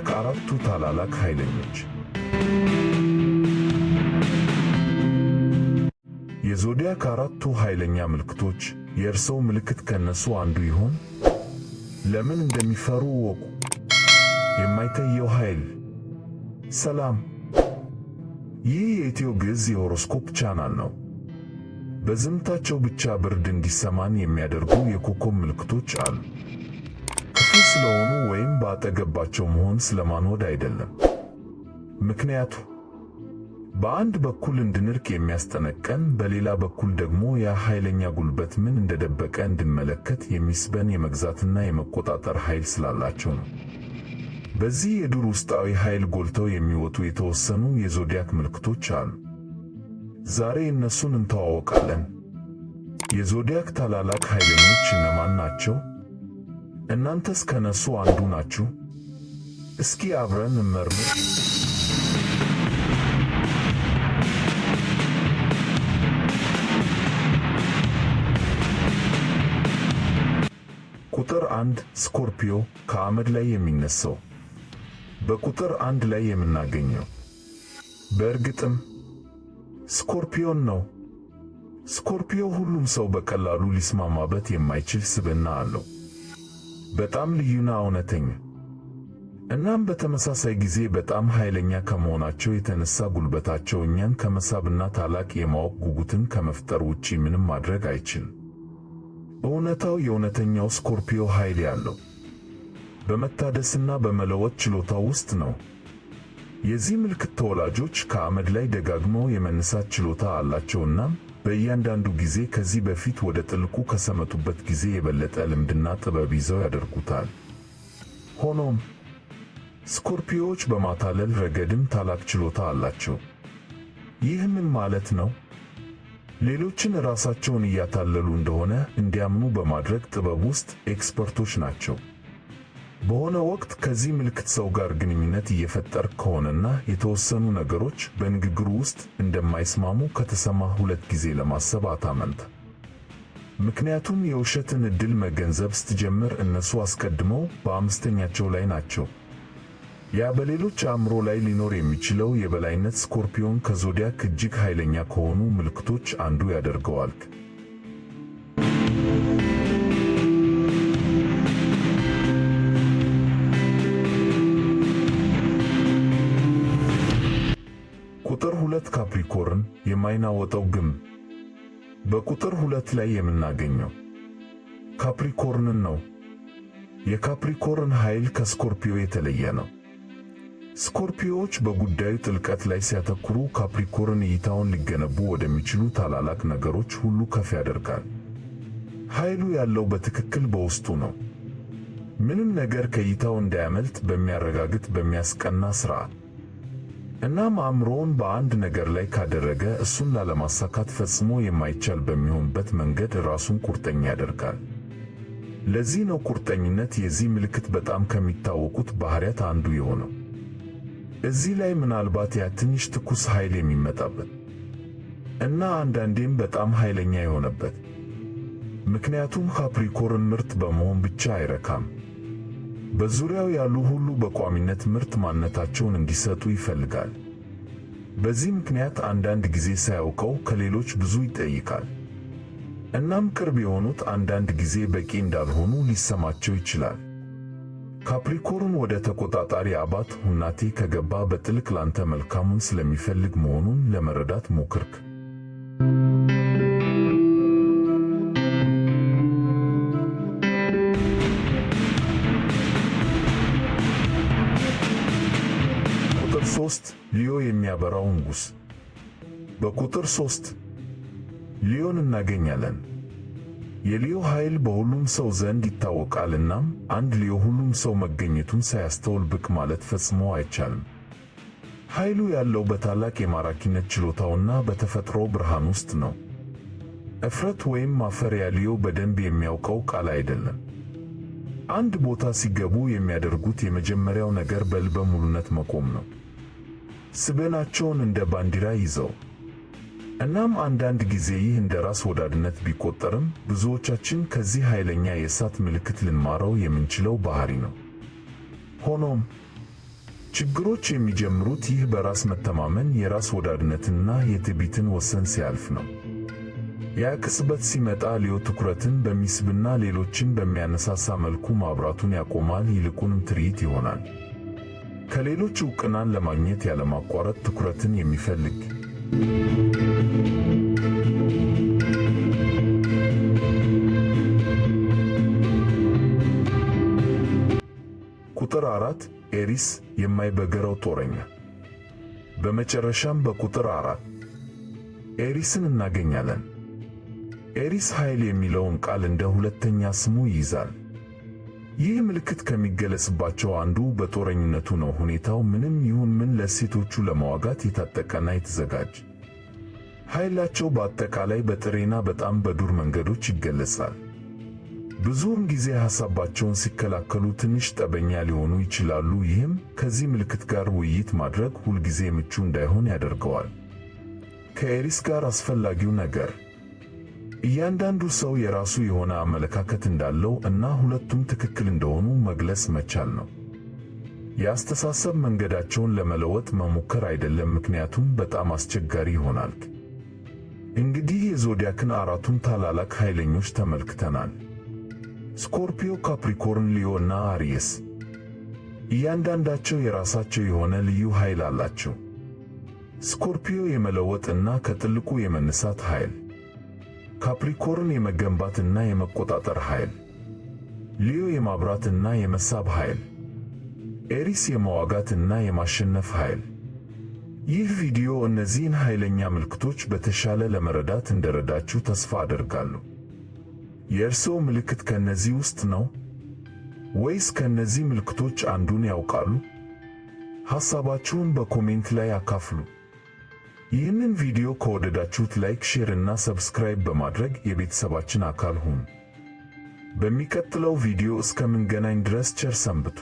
ሰንሰለት አራቱ ታላላቅ ኃይለኞች የዞዲያክ አራቱ ኃይለኛ ምልክቶች የእርሰው ምልክት ከነሱ አንዱ ይሆን? ለምን እንደሚፈሩ ወቁ። የማይታየው ኃይል። ሰላም፣ ይህ የኢትዮ ግዕዝ የሆሮስኮፕ ቻናል ነው። በዝምታቸው ብቻ ብርድ እንዲሰማን የሚያደርጉ የኮከብ ምልክቶች አሉ። ክፉ ስለሆኑ ወይም ባጠገባቸው መሆን ስለማንወድ አይደለም። ምክንያቱ በአንድ በኩል እንድንርቅ የሚያስጠነቀን፣ በሌላ በኩል ደግሞ ያ ኃይለኛ ጉልበት ምን እንደደበቀ እንድንመለከት የሚስበን የመግዛትና የመቆጣጠር ኃይል ስላላቸው ነው። በዚህ የዱር ውስጣዊ ኃይል ጎልተው የሚወጡ የተወሰኑ የዞዲያክ ምልክቶች አሉ። ዛሬ እነሱን እንተዋወቃለን። የዞዲያክ ታላላቅ ኃይለኞች እነማን ናቸው? እናንተስ ከነሱ አንዱ ናችሁ? እስኪ አብረን እንመርምር። ቁጥር አንድ ስኮርፒዮ ከአመድ ላይ የሚነሳው በቁጥር አንድ ላይ የምናገኘው በእርግጥም ስኮርፒዮን ነው። ስኮርፒዮ ሁሉም ሰው በቀላሉ ሊስማማበት የማይችል ስብዕና አለው። በጣም ልዩና እውነተኛ እናም በተመሳሳይ ጊዜ በጣም ኃይለኛ ከመሆናቸው የተነሳ ጉልበታቸው እኛን ከመሳብና ታላቅ የማወቅ ጉጉትን ከመፍጠር ውጪ ምንም ማድረግ አይችልም። እውነታው የእውነተኛው ስኮርፒዮ ኃይል ያለው በመታደስና በመለወጥ ችሎታው ውስጥ ነው። የዚህ ምልክት ተወላጆች ከአመድ ላይ ደጋግመው የመነሳት ችሎታ አላቸውና በእያንዳንዱ ጊዜ ከዚህ በፊት ወደ ጥልቁ ከሰመጡበት ጊዜ የበለጠ ልምድና ጥበብ ይዘው ያደርጉታል። ሆኖም ስኮርፒዮዎች በማታለል ረገድም ታላቅ ችሎታ አላቸው። ይህ ምን ማለት ነው? ሌሎችን ራሳቸውን እያታለሉ እንደሆነ እንዲያምኑ በማድረግ ጥበብ ውስጥ ኤክስፐርቶች ናቸው። በሆነ ወቅት ከዚህ ምልክት ሰው ጋር ግንኙነት እየፈጠር ከሆነና የተወሰኑ ነገሮች በንግግሩ ውስጥ እንደማይስማሙ ከተሰማ ሁለት ጊዜ ለማሰብ አታመንት ምክንያቱም የውሸትን ዕድል መገንዘብ ስትጀምር እነሱ አስቀድመው በአምስተኛቸው ላይ ናቸው። ያ በሌሎች አእምሮ ላይ ሊኖር የሚችለው የበላይነት ስኮርፒዮን ከዞዲያክ እጅግ ኃይለኛ ከሆኑ ምልክቶች አንዱ ያደርገዋል። ኮርን የማይናወጠው ግንብ በቁጥር ሁለት ላይ የምናገኘው ካፕሪኮርንን ነው። የካፕሪኮርን ኃይል ከስኮርፒዮ የተለየ ነው። ስኮርፒዮዎች በጉዳዩ ጥልቀት ላይ ሲያተኩሩ፣ ካፕሪኮርን እይታውን ሊገነቡ ወደሚችሉ ታላላቅ ነገሮች ሁሉ ከፍ ያደርጋል። ኃይሉ ያለው በትክክል በውስጡ ነው። ምንም ነገር ከእይታው እንዳያመልጥ በሚያረጋግጥ በሚያስቀና ሥርዓት እናም አእምሮውን በአንድ ነገር ላይ ካደረገ እሱን ላለማሳካት ፈጽሞ የማይቻል በሚሆንበት መንገድ ራሱን ቁርጠኛ ያደርጋል። ለዚህ ነው ቁርጠኝነት የዚህ ምልክት በጣም ከሚታወቁት ባህሪያት አንዱ የሆነው። እዚህ ላይ ምናልባት ያ ትንሽ ትኩስ ኃይል የሚመጣበት እና አንዳንዴም በጣም ኃይለኛ የሆነበት ምክንያቱም ካፕሪኮርን ምርት በመሆን ብቻ አይረካም። በዙሪያው ያሉ ሁሉ በቋሚነት ምርት ማንነታቸውን እንዲሰጡ ይፈልጋል። በዚህ ምክንያት አንዳንድ ጊዜ ሳያውቀው ከሌሎች ብዙ ይጠይቃል። እናም ቅርብ የሆኑት አንዳንድ ጊዜ በቂ እንዳልሆኑ ሊሰማቸው ይችላል። ካፕሪኮርን ወደ ተቆጣጣሪ አባት ሁናቴ ከገባ በጥልቅ ላንተ መልካሙን ስለሚፈልግ መሆኑን ለመረዳት ሞክርክ። ሶስት ሊዮ የሚያበራው ንጉሥ። በቁጥር ሶስት ሊዮን እናገኛለን። የሊዮ ኃይል በሁሉም ሰው ዘንድ ይታወቃል። እናም አንድ ሊዮ ሁሉም ሰው መገኘቱን ሳያስተውል ብቅ ማለት ፈጽሞ አይቻልም። ኃይሉ ያለው በታላቅ የማራኪነት ችሎታውና በተፈጥሮ ብርሃን ውስጥ ነው። እፍረት ወይም ማፈሪያ ሊዮ በደንብ የሚያውቀው ቃል አይደለም። አንድ ቦታ ሲገቡ የሚያደርጉት የመጀመሪያው ነገር በልበ ሙሉነት መቆም ነው። ስበናቸውን እንደ ባንዲራ ይዘው እናም አንዳንድ ጊዜ ይህ እንደ ራስ ወዳድነት ቢቆጠርም ብዙዎቻችን ከዚህ ኃይለኛ የእሳት ምልክት ልንማረው የምንችለው ባህሪ ነው። ሆኖም ችግሮች የሚጀምሩት ይህ በራስ መተማመን የራስ ወዳድነትንና የትዕቢትን ወሰን ሲያልፍ ነው። ያ ቅጽበት ሲመጣ ሊዮ ትኩረትን በሚስብና ሌሎችን በሚያነሳሳ መልኩ ማብራቱን ያቆማል፣ ይልቁንም ትርኢት ይሆናል። ከሌሎች ዕውቅናን ለማግኘት ያለማቋረጥ ትኩረትን የሚፈልግ ቁጥር አራት ኤሪስ የማይበገረው ጦረኛ። በመጨረሻም በቁጥር አራት ኤሪስን እናገኛለን። ኤሪስ ኃይል የሚለውን ቃል እንደ ሁለተኛ ስሙ ይይዛል። ይህ ምልክት ከሚገለጽባቸው አንዱ በጦረኝነቱ ነው። ሁኔታው ምንም ይሁን ምን ለሴቶቹ ለመዋጋት የታጠቀና የተዘጋጅ ኃይላቸው በአጠቃላይ በጥሬና በጣም በዱር መንገዶች ይገለጻል። ብዙውን ጊዜ ሐሳባቸውን ሲከላከሉ ትንሽ ጠበኛ ሊሆኑ ይችላሉ። ይህም ከዚህ ምልክት ጋር ውይይት ማድረግ ሁልጊዜ ምቹ እንዳይሆን ያደርገዋል። ከኤሪስ ጋር አስፈላጊው ነገር እያንዳንዱ ሰው የራሱ የሆነ አመለካከት እንዳለው እና ሁለቱም ትክክል እንደሆኑ መግለጽ መቻል ነው። የአስተሳሰብ መንገዳቸውን ለመለወጥ መሞከር አይደለም፣ ምክንያቱም በጣም አስቸጋሪ ይሆናል። እንግዲህ የዞዲያክን አራቱን ታላላቅ ኃይለኞች ተመልክተናል። ስኮርፒዮ፣ ካፕሪኮርን፣ ሊዮ እና አሪየስ። እያንዳንዳቸው የራሳቸው የሆነ ልዩ ኃይል አላቸው። ስኮርፒዮ የመለወጥ እና ከጥልቁ የመነሳት ኃይል ካፕሪኮርን የመገንባትና የመቆጣጠር ኃይል፣ ሊዮ የማብራትና የመሳብ ኃይል፣ ኤሪስ የመዋጋትና የማሸነፍ ኃይል። ይህ ቪዲዮ እነዚህን ኃይለኛ ምልክቶች በተሻለ ለመረዳት እንደረዳችሁ ተስፋ አደርጋለሁ። የእርስዎ ምልክት ከእነዚህ ውስጥ ነው ወይስ ከእነዚህ ምልክቶች አንዱን ያውቃሉ? ሐሳባችሁን በኮሜንት ላይ አካፍሉ። ይህንን ቪዲዮ ከወደዳችሁት ላይክ፣ ሼር እና ሰብስክራይብ በማድረግ የቤተሰባችን አካል ሁኑ። በሚቀጥለው ቪዲዮ እስከምንገናኝ ድረስ ቸር ሰንብቱ።